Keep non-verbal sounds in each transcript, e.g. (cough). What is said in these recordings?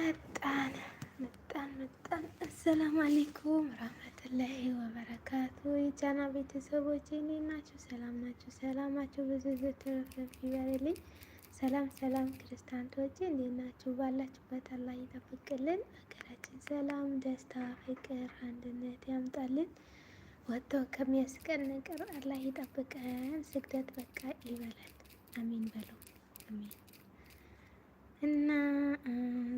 መጣን መጣን መጣን። አሰላሙ አለይኩም ረህመቱላሂ ወበረካቱ። የጫና ቤተሰቦች እኔ ናችሁ? ሰላም ናችሁ? ሰላማችሁ ብዙ ተረፍረፍ ይበልልኝ። ሰላም ሰላም፣ ክርስቲያንቶች እንዴት ናችሁ? ባላችሁበት አላህ ይጠብቅልን። ሀገራችን ሰላም፣ ደስታ፣ ፍቅር፣ አንድነት ያምጣልን። ወጥቶ ከሚያስቀን ነገር አላህ ይጠብቀን። ስግደት በቃ ይበላል። አሚን በሉ አሚን እና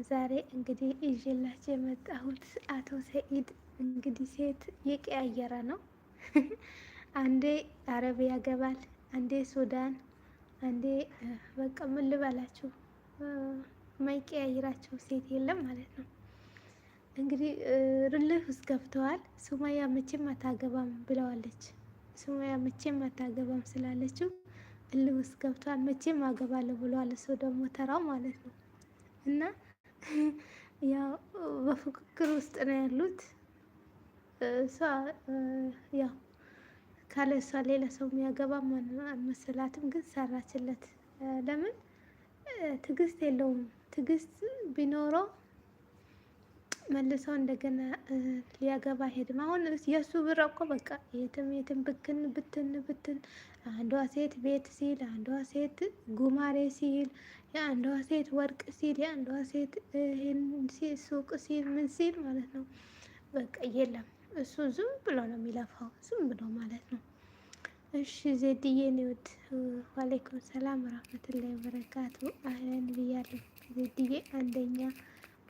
ዛሬ እንግዲህ እዥላች የመጣሁት አቶ ሰኢድ እንግዲህ ሴት የቀያየረ ነው። (laughs) አንዴ አረብ ያገባል፣ አንዴ ሱዳን፣ አንዴ በቃ ምን ልበላችሁ ማይቀያይራቸው ሴት የለም ማለት ነው። እንግዲህ ርልህ ውስጥ ገብተዋል። ሱማያ መቼም አታገባም ብለዋለች። ሱማያ መቼም አታገባም ስላለችው እልህ ውስጥ ገብቷል። መቼም አገባለሁ ብሏል። ሰው ደግሞ ተራው ማለት ነው እና (laughs) ያው በፉክክር ውስጥ ነው ያሉት። እሷ ያው ካለ እሷ ሌላ ሰው የሚያገባ አልመሰላትም፣ ግን ሰራችለት። ለምን ትዕግስት የለውም። ትዕግስት ቢኖረው መልሰው እንደገና ሊያገባ ሄድም። አሁን የእሱ ብር እኮ በቃ የትም የትም ብክን ብትን ብትን አንዷ ሴት ቤት ሲል፣ አንዷ ሴት ጉማሬ ሲል፣ የአንዷ ሴት ወርቅ ሲል፣ የአንዷ ሴት ሱቅ ሲል፣ ምን ሲል ማለት ነው። በቃ የለም እሱ ዝም ብሎ ነው የሚለፋው፣ ዝም ብሎ ማለት ነው። እሺ ዜድዬ ኒውት ዋሌይኩም ሰላም ረህመቱላሂ ወበረካቱ። አህለን ብያለሁ ዜድዬ። አንደኛ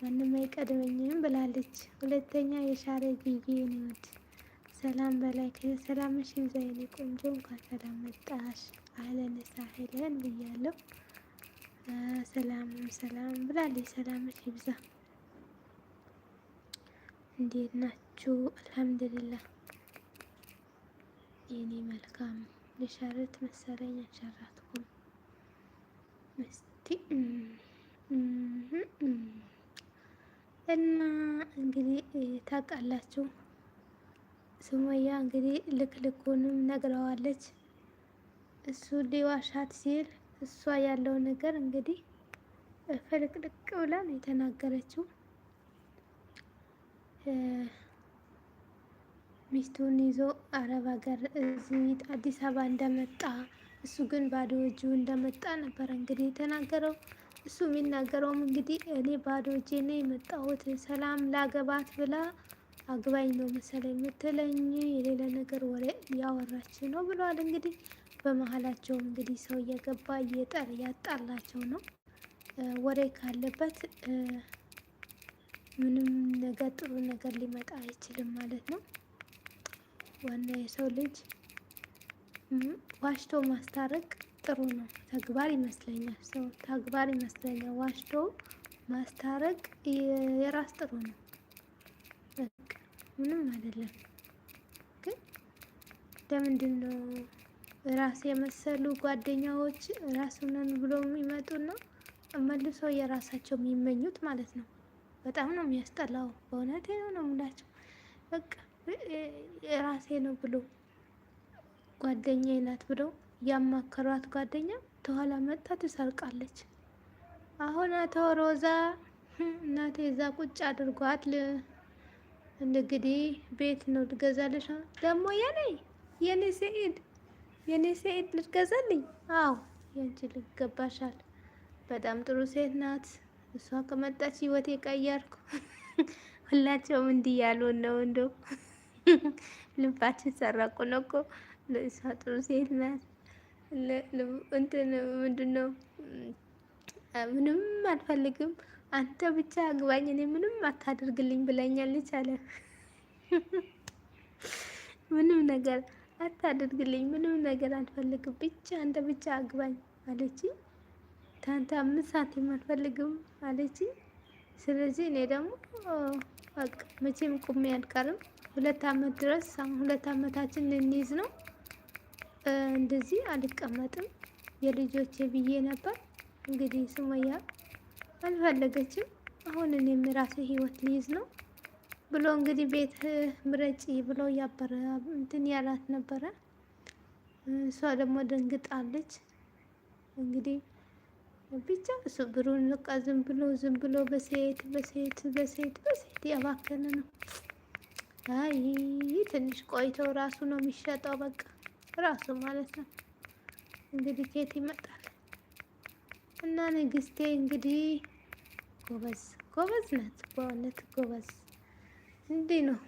ማንም አይቀድመኝም ብላለች። ሁለተኛ የሻረ ጊዜ ኒውት ሰላም በላይ ሰላምሽ ይብዛ ቆንጆ፣ እንኳን ሰላም መጣሽ። አህለን ሳህለን ብያለሁ። ሰላም ሰላም ብላለች። ሰላምሽ ይብዛ። እንዴት ናችሁ? አልሐምዱሊላህ የኔ መልካም። ልሸርት መሰለኝ አልሸራትኩም። እስቲ እና እንግዲህ ታውቃላችሁ ሱመያ እንግዲህ ልክ ልኩንም ነግረዋለች። እሱ ሊዋሻት ሲል እሷ ያለው ነገር እንግዲህ ፍልቅልቅ ብላ ነው የተናገረችው። ሚስቱን ይዞ አረብ ሀገር እዚህ አዲስ አበባ እንደመጣ እሱ ግን ባዶ እጁ እንደመጣ ነበር እንግዲህ የተናገረው። እሱ የሚናገረውም እንግዲህ እኔ ባዶ እጄ ነው የመጣሁት ሰላም ላገባት ብላ አግባኝ ነው መሰለኝ የምትለኝ የሌለ ነገር ወሬ እያወራች ነው ብለዋል። እንግዲህ በመሀላቸው እንግዲህ ሰው እየገባ እየጠር ያጣላቸው ነው። ወሬ ካለበት ምንም ነገር ጥሩ ነገር ሊመጣ አይችልም ማለት ነው። ዋና የሰው ልጅ ዋሽቶ ማስታረቅ ጥሩ ነው ተግባር ይመስለኛል። ሰው ተግባር ይመስለኛል። ዋሽቶ ማስታረቅ የራስ ጥሩ ነው። ምንም አይደለም። ግን ለምንድን ነው ራስ የመሰሉ ጓደኛዎች ራሱንን ብሎ የሚመጡና መልሶ የራሳቸው የሚመኙት ማለት ነው። በጣም ነው የሚያስጠላው። በእውነት ነው የምላቸው። በቃ ራሴ ነው ብሎ ጓደኛ ናት ብሎ ያማከሯት ጓደኛ ተኋላ መጣ ትሰርቃለች። አሁን አቶ ሮዛ እናቴ እዛ ቁጭ አድርጓት እንግዲህ ቤት ነው ልገዛልሽ ነው ደግሞ የኔ የኔ ሰኢድ የኔ ሰኢድ ልትገዛልኝ? አዎ የንቺ ልገባሻል። በጣም ጥሩ ሴት ናት። እሷ ከመጣች ህይወት ቀየርኩ። (laughs) ሁላቸውም እንዲህ ያሉን ነው እንዶ (laughs) ልባችን ሰረቁን እኮ እሷ ጥሩ ሴት ናት። እንትን ምንድን ነው ምንም አልፈልግም አንተ ብቻ አግባኝ፣ እኔ ምንም አታደርግልኝ ብላኛለች አለ። ምንም ነገር አታደርግልኝ፣ ምንም ነገር አልፈልግም፣ ብቻ አንተ ብቻ አግባኝ አለች። ታንተ አምስት ሳንቲም አልፈልግም አለች። ስለዚህ እኔ ደግሞ በቃ መቼም ቁሜ አልቀርም። ሁለት አመት ድረስ ሁለት አመታችን ልንይዝ ነው። እንደዚህ አልቀመጥም የልጆቼ ብዬ ነበር። እንግዲህ ሱመያ አልፈለገችም። አሁን እኔም ራሴ ህይወት ልይዝ ነው ብሎ እንግዲህ ቤት ምረጪ ብሎ እያበረ እንትን ያላት ነበረ። እሷ ደግሞ ደንግጣለች። እንግዲህ ብቻ እሱ ብሩን በቃ ዝም ብሎ ዝም ብሎ በሴት በሴት በሴት በሴት ያባከነ ነው። አይ ትንሽ ቆይተው ራሱ ነው የሚሸጠው። በቃ ራሱ ማለት ነው እንግዲህ ኬት ይመጣል። እና ንግስቴ እንግዲህ ጎበዝ ጎበዝ ናት። በእውነት ጎበዝ እንዲህ ነው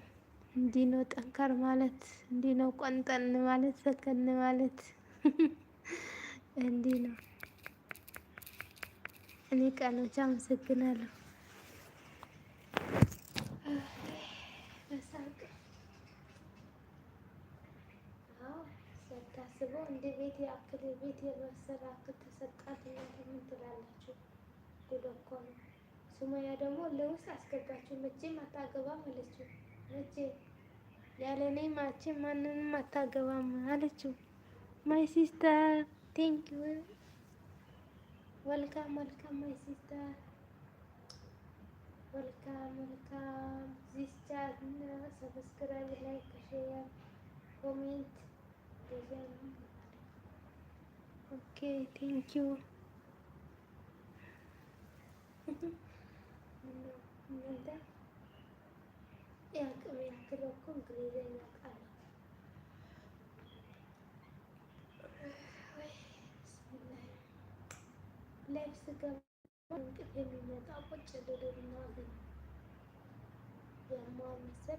እንዲህ ነው ጠንከር ማለት እንዲህ ነው ቆንጠን ማለት ሰከን ማለት (laughs) እንዲህ ነው። እኔ ቀኖች አመሰግናለሁ። ሳስበው እንደ ቤት ያክል ቤት የመሰለ አክል ተሰጣት። እናንተ ምን ትላላችሁ? ጉድ እኮ ነው። ሱመያ ደግሞ ለውስጥ አስገባችሁ። መቼም አታገባም አለችው። መቼ ያለ እኔ ማቼ ማንንም አታገባም አለችው። ማይ ሲስተር ቴንክ ዩ ወልካም ወልካም ማይ ሲስተር ወልካም ወልካም ዚስ ቻት ሰብስክራይብ፣ ላይክ፣ ሼር፣ ኮሜንት Okay, thank you. (laughs) Yeah, I mean, I could have gone crazy. Let's going to get a little bit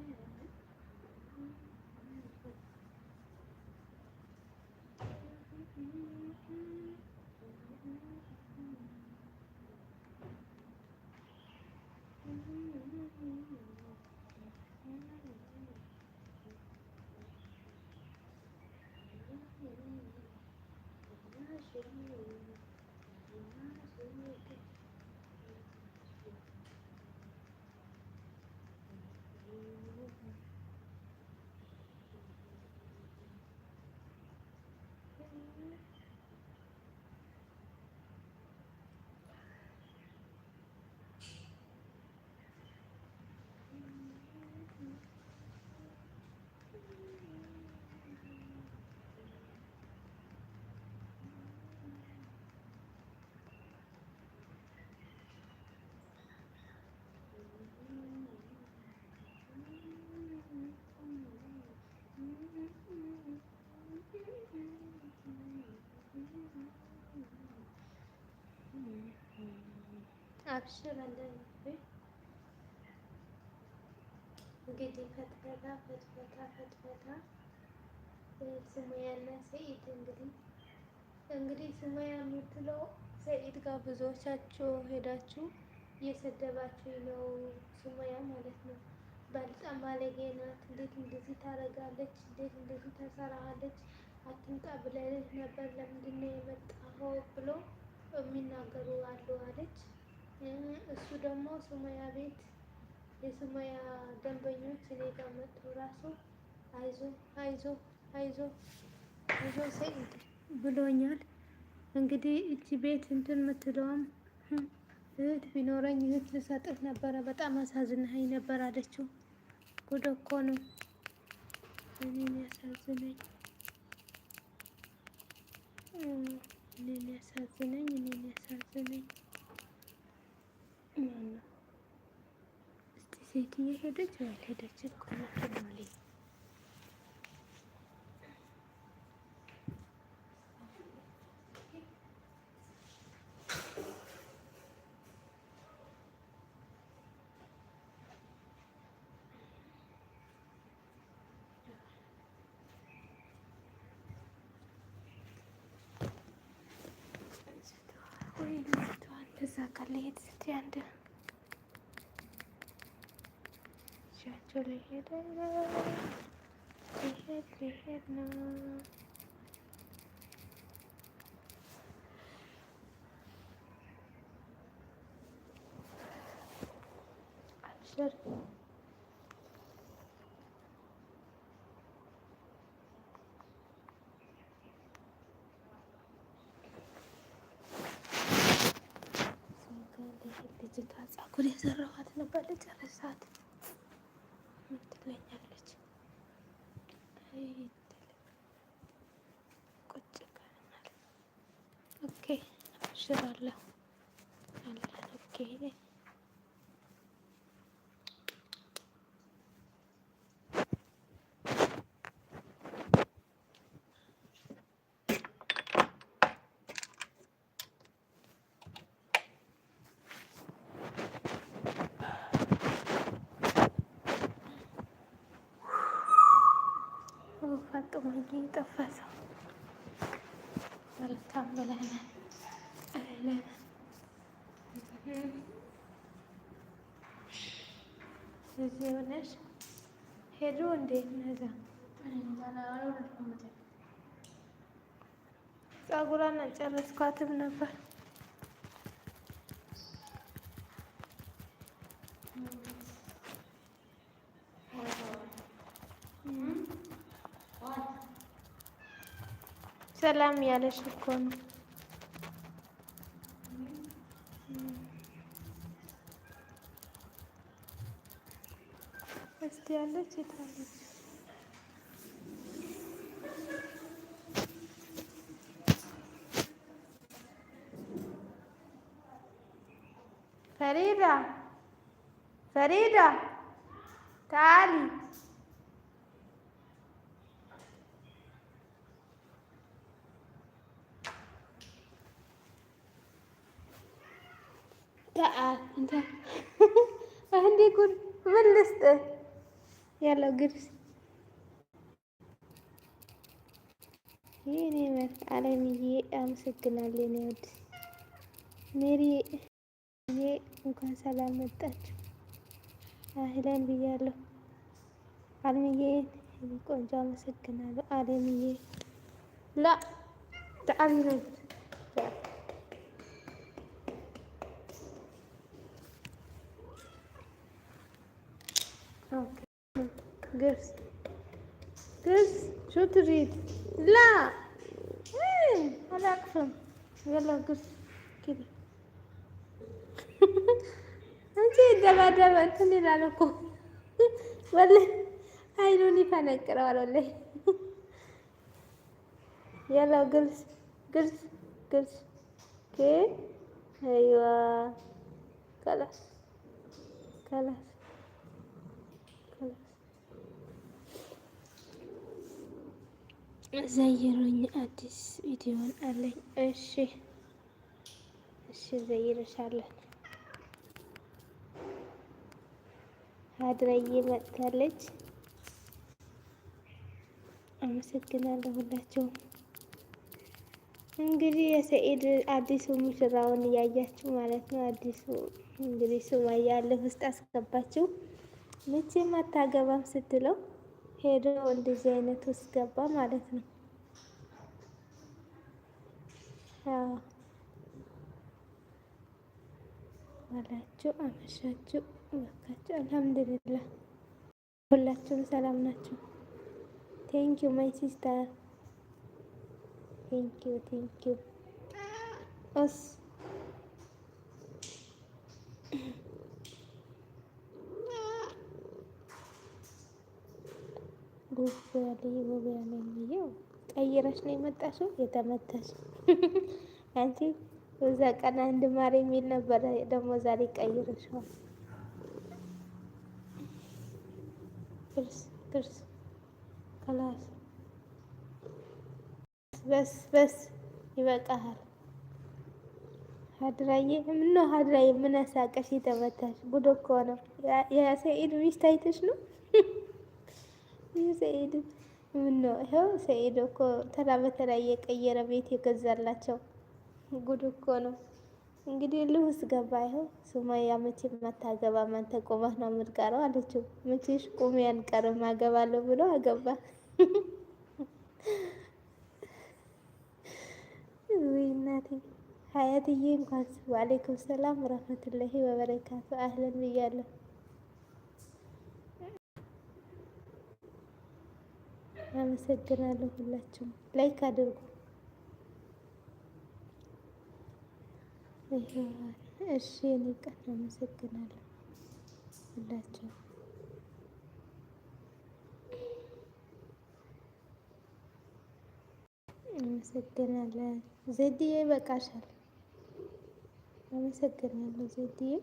አብሽር አንዳንዴ እንግዲህ ፈትፈታ ፈትፈታ ፈትፈታ ስሙያና ሰኢድ እንግዲህ እንግዲህ ስሙያ የምትለው ሰኢድ ጋር ብዙዎቻችሁ ሄዳችሁ እየሰደባችሁ ነው። ስሙያ ማለት ነው። በጣም ባለጌ ናት። እንዴት እንደዚህ ታደርጋለች? እንዴት እንደዚህ ተሰራሃለች? አትምጣ ብለህ ነበር፣ ለምንድን ነው የመጣኸው? ብሎ የሚናገሩ አሉ አለች። እሱ ደግሞ ሱመያ ቤት የሱመያ ደንበኞች እኔ ጋር መጡ። ራሱ አይዞ አይዞ አይዞ አይዞ ሰይድ ብሎኛል። እንግዲህ እቺ ቤት እንትን የምትለውም እህት ቢኖረኝ እህት ልሰጥህ ነበረ፣ በጣም አሳዝነኸኝ ነበር አለችው። ጉድ እኮ ነው። እኔን ያሳዝነኝ እኔን ያሳዝነኝ እኔን ያሳዝነኝ እስቲ ሴትዬ ሄደች ያልሄደች ኮነት Thank you. ተሳካልኝ እስቲ አንድ ሻቸው ሊሄድ ነው ሊሄድ ሊሄድ ነው arkadaşlar በኩል የሰራኋት ነበር ልጨርሳት ምትለኛለች። ቁጭ ኦኬ፣ አብሽራለሁ የጠፋ ሰው መልካም ብለናል። እዚህ ሄዱ እንዴ? ነዛ ጸጉሯን ጨረስኳትም ነበር سلام يا لشكم እስቲ ያለች فريدة فريدة تعالي እንዴ ጉድ! ምን ልስጥ ያለው ግብስ ይህኔ መት አለምዬ አመሰግናለሁ። እኔ ወድ ሜሪ ዬ እንኳን ሰላም መጣችሁ። አህለን ብያለሁ። አለምዬ ቆንጆ አመሰግናለሁ። አለምዬ ላ ተዓቢ ገብስ ገብስ ሾትሪት ላ አላቅፍም ያላ ገብስ ኪዲ አንቺ ደባደባ እንትን ይላል እኮ ወላሂ አይኑን ይፈነቅለዋል ወላሂ ያላ ገብስ ገብስ ገብስ ኬ አይዋ ከላስ ከላስ ዘይሩኝ አዲስ ቪዲዮን አለኝ። እሺ እሺ፣ ዘይርሻለን። ሀድረዬ መጥታለች። አመሰግናለሁ ሁላችሁም። እንግዲህ የሰኢድ አዲሱ ሙሽራውን እያያችሁ ማለት ነው። አዲሱ እንግዲህ ሱማያ ልብ ውስጥ አስገባችሁ። መቼም አታገባም ስትለው ሄዶ እንደዚህ አይነት ውስጥ ገባ ማለት ነው። ዋላችሁ፣ አመሻችሁ፣ በቃችሁ። አልሐምዱሊላህ ሁላችሁም ሰላም ናችሁ። ቴንኪዩ ማይ ሲስተር ቴንኪዩ ቴንኪዩ እስ ውብ ያለ ውብ ያለ የሚለው ቀይረሽ ነው የመጣሽው የተመተሽ (laughs) አንቺ እዛ ቀን አንድ ማር የሚል ነበረ፣ ደግሞ ዛሬ ቀይረሽዋል። ክርስ ክርስ ከላስ በስ በስ ይበቃሃል። ሀድራዬ ምነው ሀድራዬ ምን አሳቀሽ? የተመታሽ ጉድ እኮ ነው። የሰኢድ ሚስት አይተሽ ነው (laughs) ሰኢድ ምን ነው ይኸው፣ ሰኢድ እኮ ተራ በተራ እየቀየረ ቤት የገዛላቸው ጉድ እኮ ነው። እንግዲህ ልውስ ገባ። ይኸው ሱማያ መቼም አታገባም ማንተ ቆመህ ነው የምትቀረው አለችው። መቼሽ ቆሜ አልቀርም አገባለሁ ብሎ አገባ። ወይ እናቴ ሀያትዬ፣ እንኳን አለይኩም ሰላም ረህመቱላሂ ወበረካቱ አህለን ብያለሁ። አመሰግናለሁ። ሁላችሁም ላይክ አድርጉ። እሺ የኔ ቀን አመሰግናለሁ ሁላችሁም። አመሰግናለን። ዘድዬ ይበቃሻል። አመሰግናለሁ ዘድዬ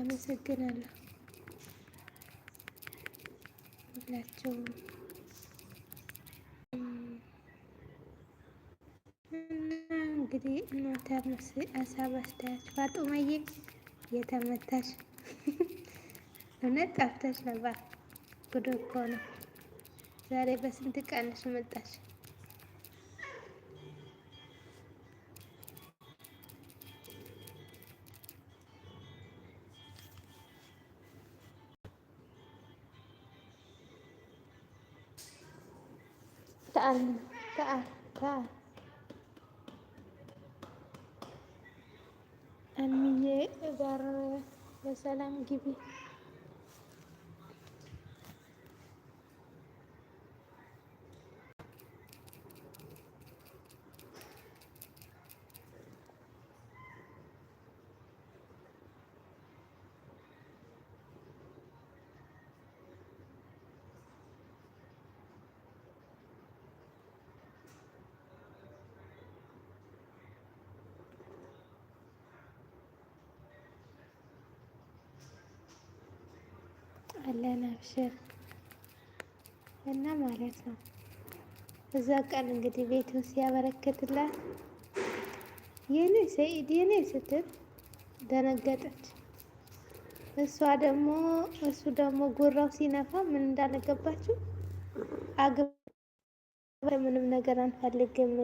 አመሰግናለሁ። ሁላቸውም እንግዲህ እናንተ ሀሳብ አስተያየት ፋጡማዬ የተመታሽ እውነት ጠፍተሽ ነበር። ጉድ እኮ ነው። ዛሬ በስንት ቀንሽ መጣሽ? ተአል ተአል ተአል አሚዬ ጋር በሰላም ግቢ። አለን አብሽር እና ማለት ነው። እዛ ቀን እንግዲህ ቤቱን ሲያበረክትላት የኔ ሰኢድ የኔ ስትል ደነገጠች። እሷ ደግሞ እሱ ደግሞ ጉራው ሲነፋ ምን እንዳለገባችው አግባ ምንም ነገር አንፈልግም፣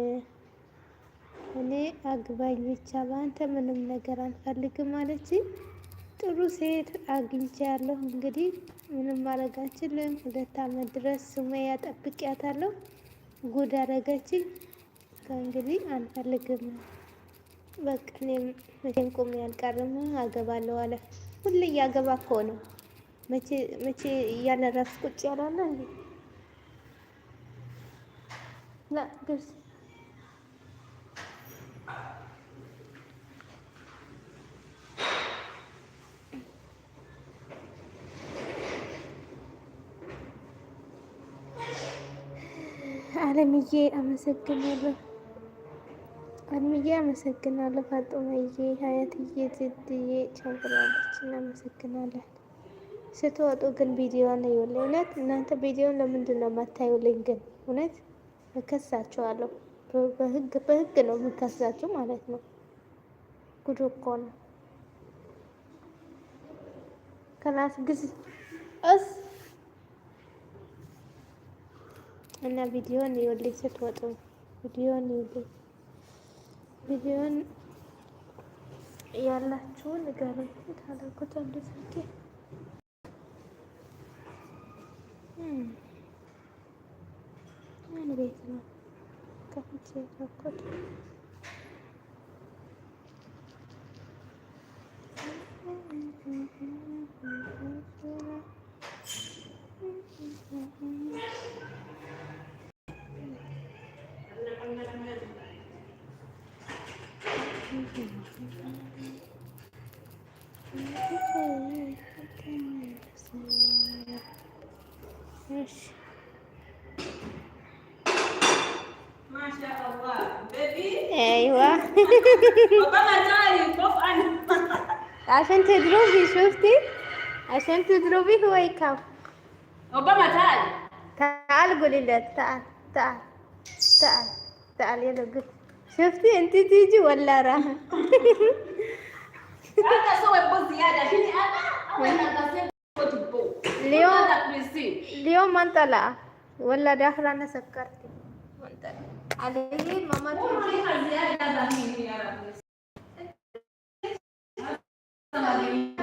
እኔ አግባኝ ብቻ በአንተ ምንም ነገር አንፈልግም አለችኝ። ጥሩ ሴት አግኝቻለሁ። እንግዲህ ምንም ማድረግ አልችልም። ሁለት አመት ድረስ ሱመያ ጠብቂያታለሁ። ጉድ አደረገችኝ። ከእንግዲህ አንፈልግም። በቃ እኔም መቼም ቁሜ አልቀርም፣ አገባለሁ አለ። ሁሌ እያገባ እኮ ነው። መቼ እያለ እረፍት ቁጭ ያላለ እንዴ? ላ አለምዬ አመሰግናለሁ። አለምዬ አመሰግናለሁ። ፋጡመዬ፣ ሀያትዬ ጅድዬ ቻምብላለች። እናመሰግናለን። ስትወጡ ግን ቪዲዮን እዩልኝ። እውነት እናንተ ቪዲዮን ለምንድን ነው የማታዩልኝ? ግን እውነት እከሳችኋለሁ። በህግ በህግ ነው የምከሳችሁ ማለት ነው። ጉድ እኮ ነው ከላስ ግዝ እስ እና ቪዲዮን ይኸውልኝ ስትወጡ ቪዲዮን ይኸውልኝ ቪዲዮን ያላችሁን ንገሩኝ። ታላቁት አንድ ስልኬ ምን ቤት ነው ከፍቼ ያደረኩት ما شاء الله بيبي ايوه بابا نايم عشان تضربي شفتي عشان تضربي هو يكف ربما تعال تعال قولي له تعال تعال تعال تعال يلا قول شفتي انت تيجي ولا راح (laughs) Sikata so mantala. Wala dahra na sakarti. Mantala. Alihi mama tu. Oh, mama ni